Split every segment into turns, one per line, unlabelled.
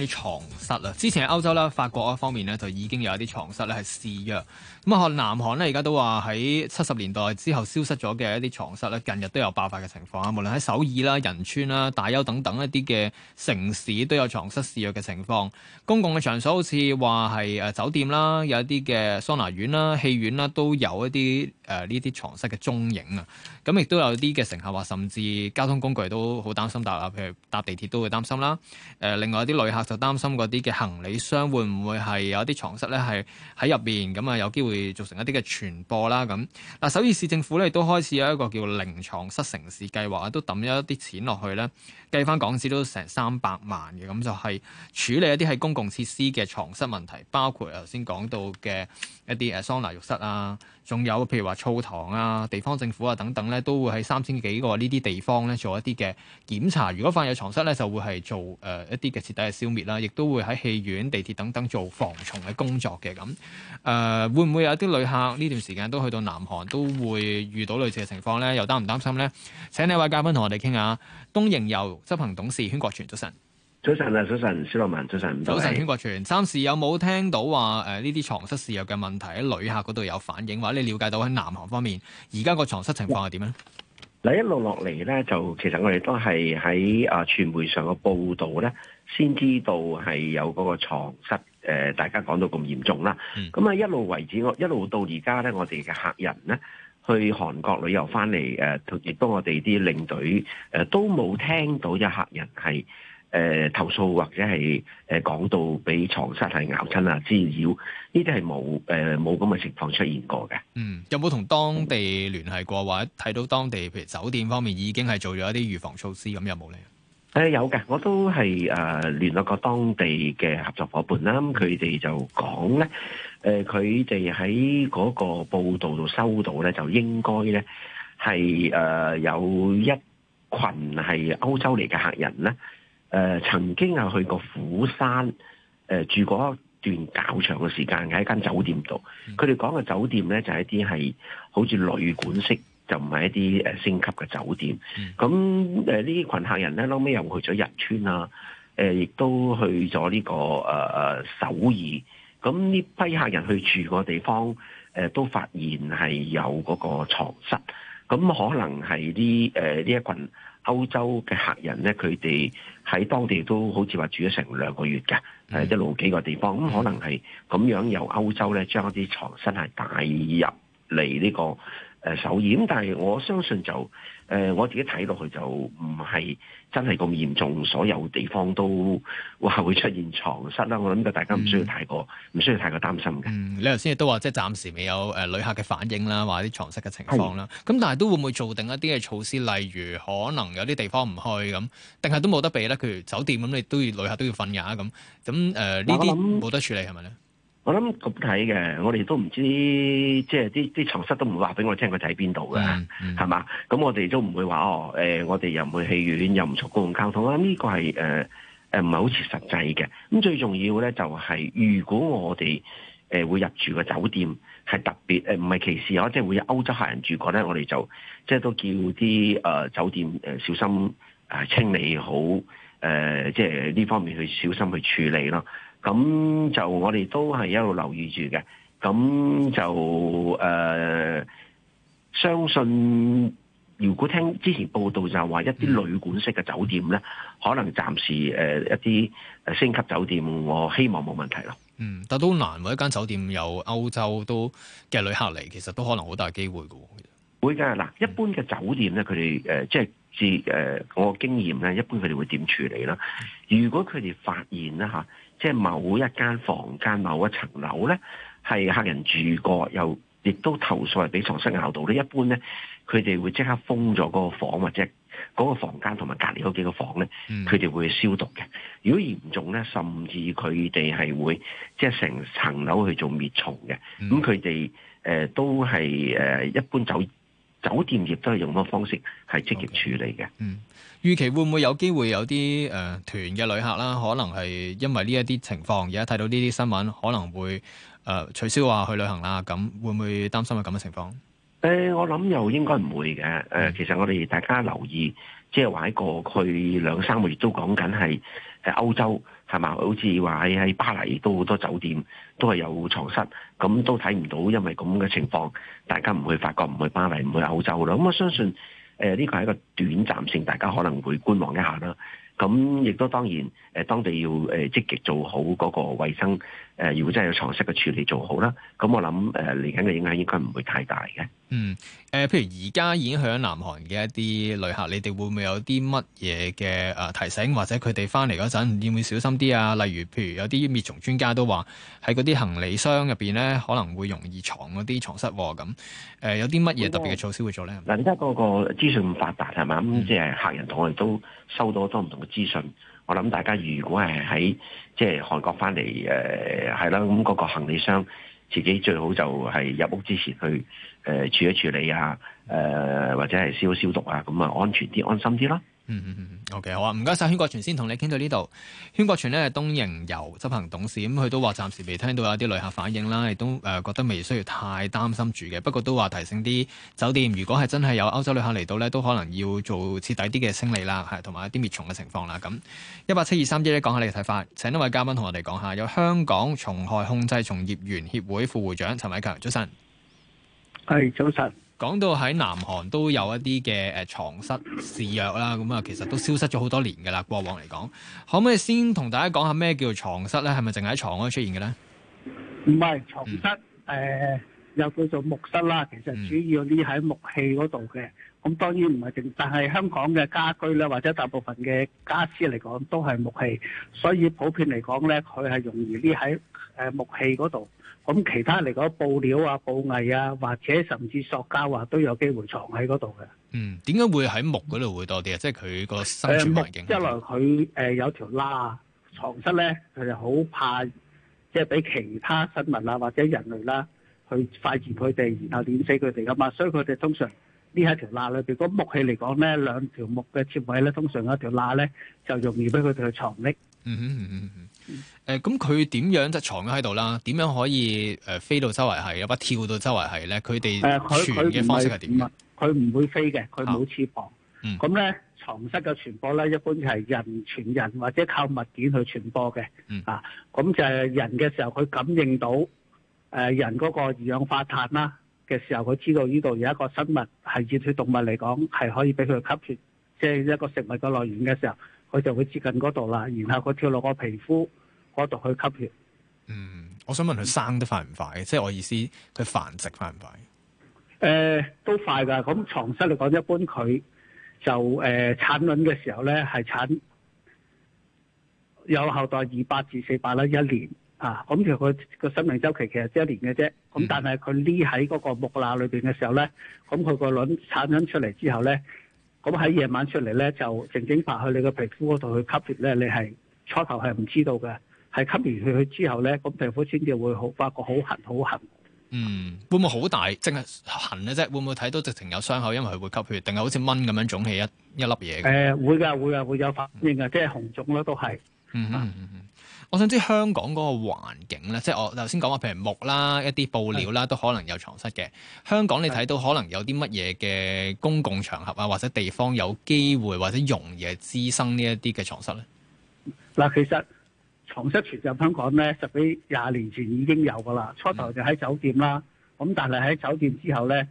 啲床蝨啊，之前喺歐洲啦，法國嗰方面咧就已經有一啲床蝨咧係肆虐。咁啊，南韓咧而家都話喺七十年代之後消失咗嘅一啲床蝨咧，近日都有爆發嘅情況啊。無論喺首爾啦、仁川啦、大邱等等一啲嘅城市都有床蝨肆虐嘅情況，公共嘅場所好似話係酒店啦，有一啲嘅桑拿院啦、戲院啦，都有一啲誒呢啲床蝨嘅蹤影啊。咁亦都有啲嘅乘客話甚至交通工具都好擔心，搭啊，譬如搭地鐵都會擔心啦。誒另外啲旅客。就擔心嗰啲嘅行李箱會唔會係有啲床蝨咧，係喺入邊咁啊，有機會造成一啲嘅傳播啦。咁嗱，首爾市政府咧亦都開始有一個叫零床蝨城市計劃啊，都抌咗一啲錢落去咧，計翻港紙都成三百萬嘅。咁就係處理一啲係公共設施嘅床蝨問題，包括頭先講到嘅一啲誒桑拿浴室啊，仲有譬如話澡堂啊、地方政府啊等等咧，都會喺三千幾個呢啲地方咧做一啲嘅檢查。如果發現有床蝨咧，就會係做誒、呃、一啲嘅徹底嘅消亦都會喺戲院、地鐵等等做防蟲嘅工作嘅咁，誒、呃，會唔會有啲旅客呢段時間都去到南韓都會遇到類似嘅情況呢？又擔唔擔心呢？請你位嘉賓同我哋傾下，東瀛遊執行董事禤國全，早晨，
早晨啊，早晨，小羅文，早晨，早晨，禤
國全，暫時有冇聽到話誒呢啲床蝨肆虐嘅問題喺旅客嗰度有反映？或者你了解到喺南韓方面而家個床蝨情況係點呢？嗯
嗱一路落嚟咧，就其實我哋都係喺啊傳媒上嘅報道咧，先知道係有嗰個床蝨誒，大家講到咁嚴重啦。咁、嗯、啊一路為止，我一路到而家咧，我哋嘅客人咧去韓國旅遊翻嚟誒，亦都我哋啲領隊誒都冇聽到有客人係誒投訴或者係誒講到俾床蝨係咬親啊滋擾，呢啲係冇誒冇咁嘅情況出現過嘅。嗯，
有冇同當地聯繫過？或者睇到當地譬如酒店方面已經係做咗一啲預防措施，咁有冇
咧？誒有嘅，我都係誒聯絡過當地嘅合作夥伴啦。咁佢哋就講咧，誒佢哋喺嗰個報道度收到咧，就應該咧係誒有一群係歐洲嚟嘅客人咧。誒、呃、曾經去過釜山，誒、呃、住過一段較長嘅時間喺間酒店度。佢哋講嘅酒店咧就係、是、一啲係好似旅館式，就唔係一啲誒星級嘅酒店。咁誒呢群客人咧後尾又去咗日村啊，亦、呃、都去咗呢、這個誒誒、呃、首爾。咁呢批客人去住個地方、呃，都發現係有嗰個床蝨，咁可能係啲呢一群。歐洲嘅客人呢，佢哋喺當地都好似話住咗成兩個月嘅，誒、嗯、一路幾個地方，咁可能係咁樣由歐洲呢將一啲床蝨係帶入嚟呢個。誒首頁但係我相信就誒、呃、我自己睇落去就唔係真係咁嚴重，所有地方都話會出現床蝨啦。我諗個大家唔需要太過唔、嗯、需要太過擔心嘅、嗯。
你頭先亦都話即係暫時未有誒旅客嘅反應啦，話啲床蝨嘅情況啦。咁但係都會唔會做定一啲嘅措施，例如可能有啲地方唔開咁，定係都冇得避咧？譬如酒店咁，你都要旅客都要瞓夜咁。咁誒呢啲冇得處理係咪咧？
我諗咁睇嘅，我哋都唔知，即係啲啲床蝨都唔會話俾我聽佢喺邊度嘅，係、嗯、嘛？咁、嗯、我哋都唔會話哦，呃、我哋又唔會戲院，又唔坐公共交通。啦、這個。呢個係誒唔係好似實際嘅。咁最重要咧、就係，就係如果我哋、呃、會入住個酒店係特別唔係、呃、歧視我，即係會有歐洲客人住過咧，我哋就即係都叫啲誒、呃、酒店、呃、小心、呃、清理好誒、呃，即係呢方面去小心去處理咯。咁就我哋都係一路留意住嘅，咁就誒、呃、相信，如果聽之前報道就話一啲旅館式嘅酒店咧、嗯，可能暫時、呃、一啲星級酒店，我希望冇問題咯。嗯，
但都難喎，一間酒店有歐洲都嘅旅客嚟，其實都可能好大機會㗎。
會㗎。嗱，一般嘅酒店咧，佢哋、呃、即係至誒我經驗咧，一般佢哋會點處理咧、嗯？如果佢哋發現咧吓即係某一間房間、某一層樓咧，係客人住過又亦都投訴係俾床蝨咬到咧，一般咧佢哋會即刻封咗嗰個房或者嗰個房間同埋隔籬嗰幾個房咧，佢哋會消毒嘅。如果嚴重咧，甚至佢哋係會即係成層樓去做滅蟲嘅。咁佢哋誒都係誒一般走。酒店業都係用個方式係積極處
理嘅。Okay. 嗯，預期會唔會有機會有啲誒、呃、團嘅旅客啦，可能係因為呢一啲情況，而家睇到呢啲新聞，可能會誒、呃、取消話去旅行啦。咁會唔會擔心係咁嘅情況？
誒、呃，我諗又應該唔會嘅。誒、呃，其實我哋大家留意，嗯、即係話喺過去兩三個月都講緊係喺歐洲。好似話喺喺巴黎都好多酒店都係有牀蝨，咁都睇唔到，因為咁嘅情況，大家唔去法國，唔去巴黎，唔去歐洲啦。咁我相信，誒呢個係一個短暫性，大家可能會觀望一下啦。咁亦都當然，誒、呃、當地要誒積極做好嗰個衞生。誒，如果真係有床蝨嘅處理做好啦，咁我諗誒嚟緊嘅影響應該唔會太大嘅。嗯，誒、
呃，譬如而家已經去咗南韓嘅一啲旅客，你哋會唔會有啲乜嘢嘅誒提醒，或者佢哋翻嚟嗰陣要唔要小心啲啊？例如，譬如有啲滅蟲專家都話喺嗰啲行李箱入邊咧，可能會容易藏嗰啲床蝨喎咁。誒、呃，有啲乜嘢特別嘅措施會做咧？嗱、那個，而家嗰個資訊咁發達係嘛？咁、嗯、
即係客人同我哋都收到多唔同嘅資訊。我諗大家如果係喺即係韓國翻嚟，誒、呃、係啦，咁、那、嗰個行李箱自己最好就係入屋之前去誒、呃、處理處理啊，誒、呃、或者係消消毒啊，咁啊安全啲，安心啲咯。
嗯嗯嗯，OK 好啊，唔該晒，禤國全先同你傾到呢度。禤國全呢係東瀛遊執行董事，咁、嗯、佢都話暫時未聽到有啲旅客反應啦，亦都誒、呃、覺得未需要太擔心住嘅。不過都話提醒啲酒店，如果係真係有歐洲旅客嚟到呢，都可能要做徹底啲嘅清理啦，係同埋一啲滅蟲嘅情況啦。咁一八七二三一一，講下你嘅睇法。請一位嘉賓同我哋講下，有香港蟲害控制從業員協會副會長陳偉強，早晨。
係，早晨。
講到喺南韓都有一啲嘅誒藏失試藥床蝨肆虐啦，咁啊其實都消失咗好多年噶啦。過往嚟講，可唔可以先同大家講下咩叫床蝨咧？係咪淨係喺床嗰度出現嘅咧？
唔係床蝨，誒、嗯、又、呃、叫做木蝨啦。其實主要匿喺木器嗰度嘅。咁、嗯嗯、當然唔係淨，但係香港嘅家居咧，或者大部分嘅家私嚟講都係木器，所以普遍嚟講咧，佢係容易匿喺誒木器嗰度。咁其他嚟講，布料啊、布藝啊，或者甚至塑膠啊，都有機會藏喺嗰度嘅。嗯，
點解會喺木嗰度會多啲啊？即係佢個生存環
境呢。呃、一來佢有條罅藏身咧，佢就好怕即係俾其他生物啦，或者人類啦、啊、去發現佢哋，然後斃死佢哋㗎嘛。所以佢哋通常呢係一條罅裏邊，如果木器嚟講咧，兩條木嘅設位咧，通常有一條罅咧就容易俾佢哋藏匿。
嗯嗯嗯嗯，咁佢點樣即係藏喺度啦？點樣可以誒飛到周圍係，不跳到周圍係咧？佢哋佢嘅方式係點
啊？佢唔會飛嘅，佢冇翅膀。咁、啊、咧，床、嗯、蝨嘅傳播咧，一般係人傳人或者靠物件去傳播嘅、嗯。啊，咁就係人嘅時候佢感應到誒、呃、人嗰個二氧化碳啦嘅時候，佢知道呢度有一個生物係熱血動物嚟講係可以俾佢吸血，即、就、係、是、一個食物嘅來源嘅時候。佢就會接近嗰度啦，然後佢跳落個皮膚嗰度去吸血。嗯，
我想問佢生得快唔快、嗯、即係我意思，佢繁殖快唔快？
誒、呃，都快㗎。咁、嗯、藏室嚟講，一般佢就誒、呃、產卵嘅時候咧，係產有後代二百至四百粒一年。啊，咁、嗯、其實佢個生命周期其實即一年嘅啫。咁、嗯、但係佢匿喺嗰個木罅裏邊嘅時候咧，咁佢個卵產卵出嚟之後咧。咁喺夜晚出嚟咧，就靜靜白去你個皮膚嗰度去吸血咧，你係初頭係唔知道嘅，係吸完血去之後咧，咁皮膚先至會好發覺好痕，好痕。嗯，
會唔會好大？淨係痕咧啫，會唔會睇到直情有傷口？因為佢會吸血，定係好似蚊咁樣腫起一一粒嘢？誒、呃，會噶，會噶，會有反應嘅、嗯，即係紅腫咯，都係。嗯哼嗯嗯嗯。我想知香港嗰個環境咧，即係我頭先講話，譬如木啦、一啲布料啦，都可能有床蝨嘅。香港你睇到可能有啲乜嘢嘅公共場合啊，或者地方有機會或者容易滋生呢一啲嘅床蝨咧？
嗱，其實床蝨傳入香港咧，十幾廿年前已經有噶啦。初頭就喺酒店啦，咁、嗯、但係喺酒店之後咧，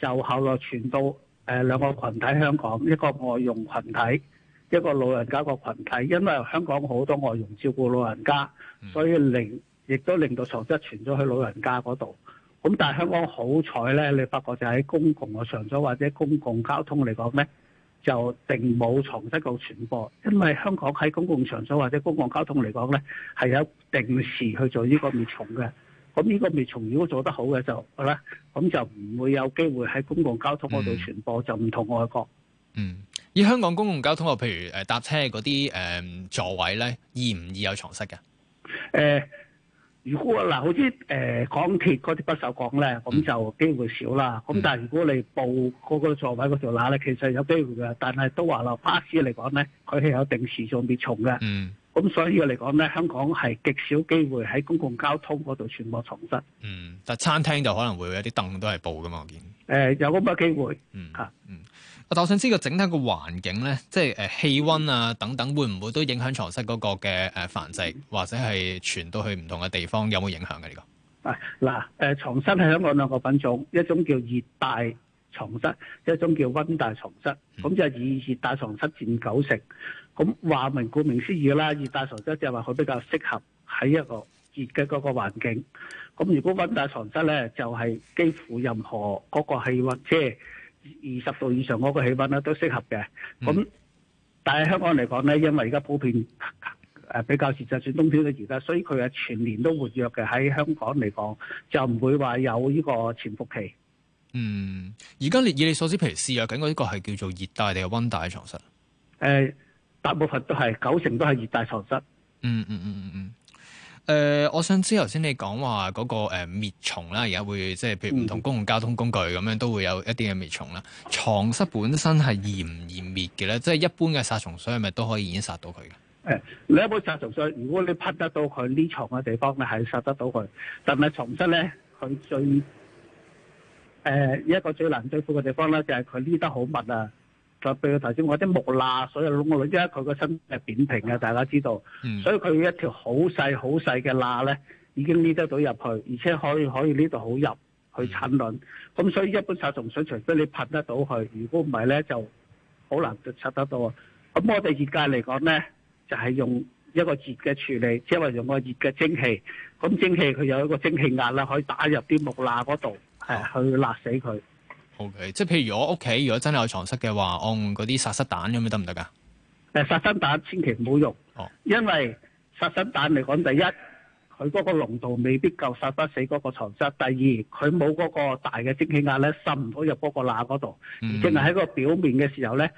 就後來傳到誒兩個群體，香港一個外傭群體。一個老人家個群體，因為香港好多外傭照顧老人家，所以令亦都令到床蝨傳咗去老人家嗰度。咁但係香港好彩咧，你發覺就喺公共嘅場所或者公共交通嚟講咧，就定冇床蝨嘅傳播，因為香港喺公共場所或者公共交通嚟講咧，係有定時去做呢個滅蟲嘅。咁呢個滅蟲如果做得好嘅就好啦，咁就唔會有機會喺公共交通嗰度傳播，mm -hmm. 就唔同外國。嗯、mm -hmm.。
以香港公共交通啊，譬如誒搭車嗰啲誒座位咧，易唔易有床蝨嘅？
誒、呃，如果嗱，好似誒港鐵嗰啲不銹鋼咧，咁、嗯、就機會少啦。咁、嗯、但係如果你布嗰個座位嗰條罅咧，其實有機會噶。但係都話啦，巴士嚟講咧，佢係有定時做滅蟲嘅。嗯。咁所以嚟講咧，香港係極少機會喺公共交通嗰度傳播床蝨。嗯，
但餐廳就可能會有啲凳都係布噶嘛，我見、呃。誒，
有咁嘅機會。嗯。吓。嗯。
我就想知個整體個環境咧，即係誒氣温啊等等，會唔會都影響床蝨嗰個嘅誒繁殖，或者係傳到去唔同嘅地方、這個、有冇影響嘅呢個？
啊嗱，誒床蝨喺香港兩個品種，一種叫熱帶床蝨，一種叫温帶床蝨，咁就以熱帶床蝨佔九成。咁話明顧名思義啦，熱帶床蝨就係話佢比較適合喺一個熱嘅嗰個環境。咁如果温帶床蝨咧，就係、是、幾乎任何嗰個氣温即係。二十度以上嗰個氣温咧都適合嘅。咁、嗯、但係香港嚟講咧，因為而家普遍誒比較熱就算冬天嘅而家，所以佢係全年都活躍嘅，喺香港嚟講，就唔會話有呢個潛伏
期。嗯，而家你以你所知，譬如試藥緊嗰呢個係叫做熱帶定係温帶嘅床蝨？誒、呃，大部分都係九成都係熱帶床蝨。嗯嗯嗯嗯嗯。嗯嗯誒、呃，我想知頭先你講話嗰個誒滅、呃、蟲啦，而家會即係譬如唔同公共交通工具咁樣、嗯、都會有一啲嘅滅蟲啦。床蝨本身係嚴唔嚴滅嘅咧？即、就、係、是、一般嘅殺蟲水係咪都可以已經殺到佢嘅？
誒、嗯，你一般殺蟲水，如果你噴得到佢呢，床嘅地方，你係殺得到佢。但係床蝨咧，佢最誒、呃、一個最難對付嘅地方咧，就係佢匿得好密啊！就俾個頭先，我啲木罅，所有窿嗰度，因為佢個身係扁平嘅，大家知道，嗯、所以佢一條好細好細嘅罅咧，已經搣得到入去，而且可以可以呢度好入去產卵。咁、嗯、所以一般殺蟲水除非你噴得到去，如果唔係咧，就好難殺得到。咁我哋業界嚟講咧，就係、是、用一個熱嘅處理，即係話用個熱嘅蒸汽。咁蒸汽佢有一個蒸汽壓啦，可以打入啲木罅嗰度，係、
嗯、去辣死佢。O K，即係譬如我屋企如果真係有床蝨嘅話，按嗰啲殺蝨彈咁樣得唔得噶？誒，殺蝨彈千祈唔好用，哦，因為殺蝨彈嚟
講，第一，佢嗰個濃度未必夠殺得死嗰個床蝨；第二，佢冇嗰個大嘅蒸汽壓咧，滲唔到入嗰個罅嗰度，淨係喺個表面嘅時候咧，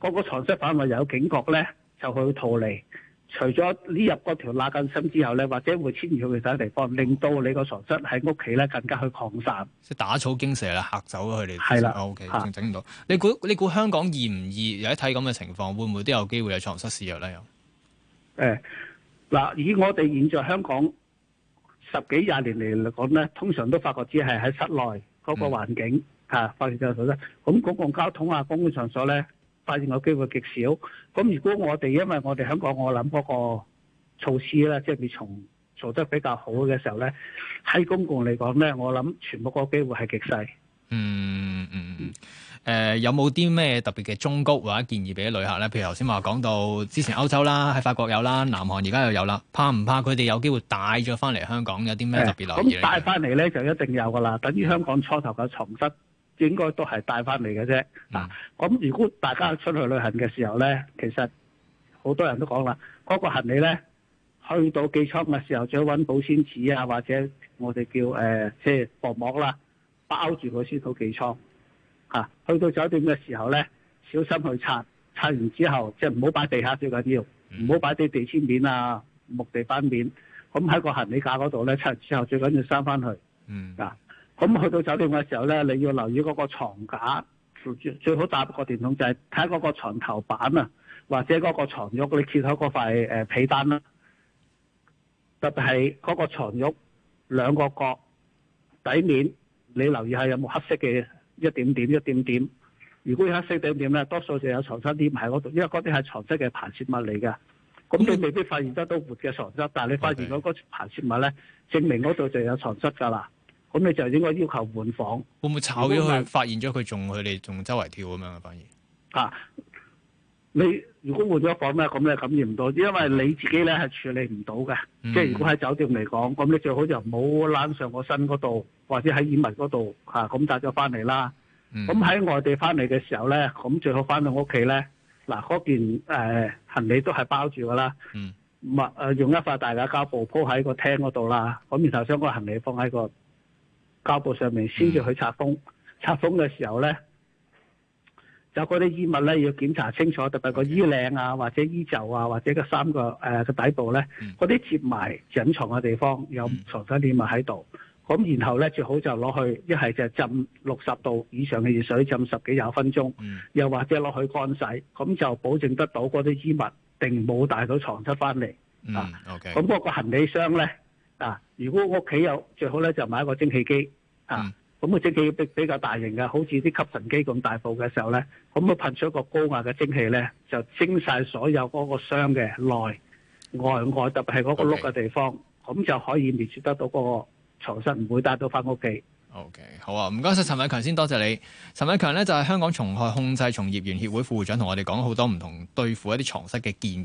嗰、嗰個床蝨反為有警覺咧，就去逃離。除咗匿入嗰條罅間心之後咧，或者會遷移去其他地方，令到你個床蝨喺屋企咧更加去擴散。即
打草驚蛇啦，吓走咗佢哋。係啦，O K，仲整唔到？你估你估香港易唔易？有一睇咁嘅情況，會唔會都有機會有床蝨肆虐咧？又
誒，嗱，以我哋現在，在香港十幾廿年嚟嚟講咧，通常都發覺只係喺室內嗰個環境吓、嗯啊，發現就有床虱。咁公共交通啊，公共場所咧。發現嘅機會極少，咁如果我哋因為我哋香港，我諗嗰個措施咧，即係你從做得比較好嘅時候咧，喺公共嚟講咧，我諗全部個機會係極
細。嗯嗯誒、呃，有冇啲咩特別嘅忠告或者建議俾旅客咧？譬如頭先話講到之前歐洲啦，喺法國有啦，南韓而家又有啦，怕唔怕佢哋有機會帶咗翻嚟香港？有啲咩特別留意？咁
帶翻嚟咧就一定有噶啦，等於香港初頭嘅床蝨。應該都係帶翻嚟嘅啫，嗱、嗯，咁、啊、如果大家出去旅行嘅時候咧，其實好多人都講啦，嗰、那個行李咧，去到寄倉嘅時候，最好揾保鮮紙啊，或者我哋叫誒，即係薄膜啦，包住佢先到寄倉、啊、去到酒店嘅時候咧，小心去拆，拆完之後即係唔好擺地下最緊要，唔好擺啲地氈面啊、木地板面，咁喺個行李架嗰度咧拆之後，最緊要收翻去，嗱、嗯。咁去到酒店嘅時候咧，你要留意嗰個床架，最好搭個電筒，就係睇下嗰個床頭板啊，或者嗰個床褥，你揭開嗰塊被單啦。特別係嗰個床褥兩個角底面，你留意下有冇黑色嘅一點點、一點點。如果有黑色一點點咧，多數就有床蝨黏喺嗰度，因為嗰啲係床蝨嘅排泄物嚟噶。咁你未必發現得到活嘅床蝨，但你發現到嗰排泄物咧，okay. 證明嗰度就有床蝨㗎啦。咁你就應該要求換房。
會唔會炒咗佢？發現咗佢仲，佢哋仲周圍跳咁樣嘅反而嚇，
你如果換咗房咧，咁你感染唔到，因為你自己咧係處理唔到嘅。即係如果喺酒店嚟講，咁你最好就唔好攬上個身嗰度，或者喺衣物嗰度嚇咁帶咗翻嚟啦。咁、啊、喺、嗯、外地翻嚟嘅時候咧，咁最好翻到屋企咧嗱，嗰件、呃、行李都係包住啦。嗯，咪誒用一塊大嘅膠布鋪喺個廳嗰度啦。咁然後將個行李放喺個膠布上面先至去拆封，拆、嗯、封嘅時候咧，就嗰啲衣物咧要檢查清楚，特別個衣領啊，或者衣袖啊，或者個三個誒個、呃、底部咧，嗰啲接埋隱藏嘅地方有床蝨啲物喺度。咁、嗯、然後咧最好就攞去一係就浸六十度以上嘅熱水浸十幾廿分鐘、嗯，又或者攞去乾洗，咁就保證得到嗰啲衣物定冇帶到床出翻嚟。嗯 okay. 啊，o k 咁不過個行李箱咧。啊！如果屋企有最好咧，就買一個蒸汽機、嗯、啊。咁、那個蒸汽比較大型嘅，好似啲吸塵機咁大部嘅時候咧，咁佢噴出一個高壓嘅蒸汽咧，就蒸晒所有嗰個箱嘅內、外、外，特別係嗰個窿嘅地方，咁、okay. 就可以滅絕得到嗰個床蝨，唔會帶到翻屋企。
O、okay. K，好啊，唔該晒陳偉強，先多謝你。陳偉強咧就係香港蟲害控制從業員協會副會長，同我哋講好多唔同對付一啲床蝨嘅建議。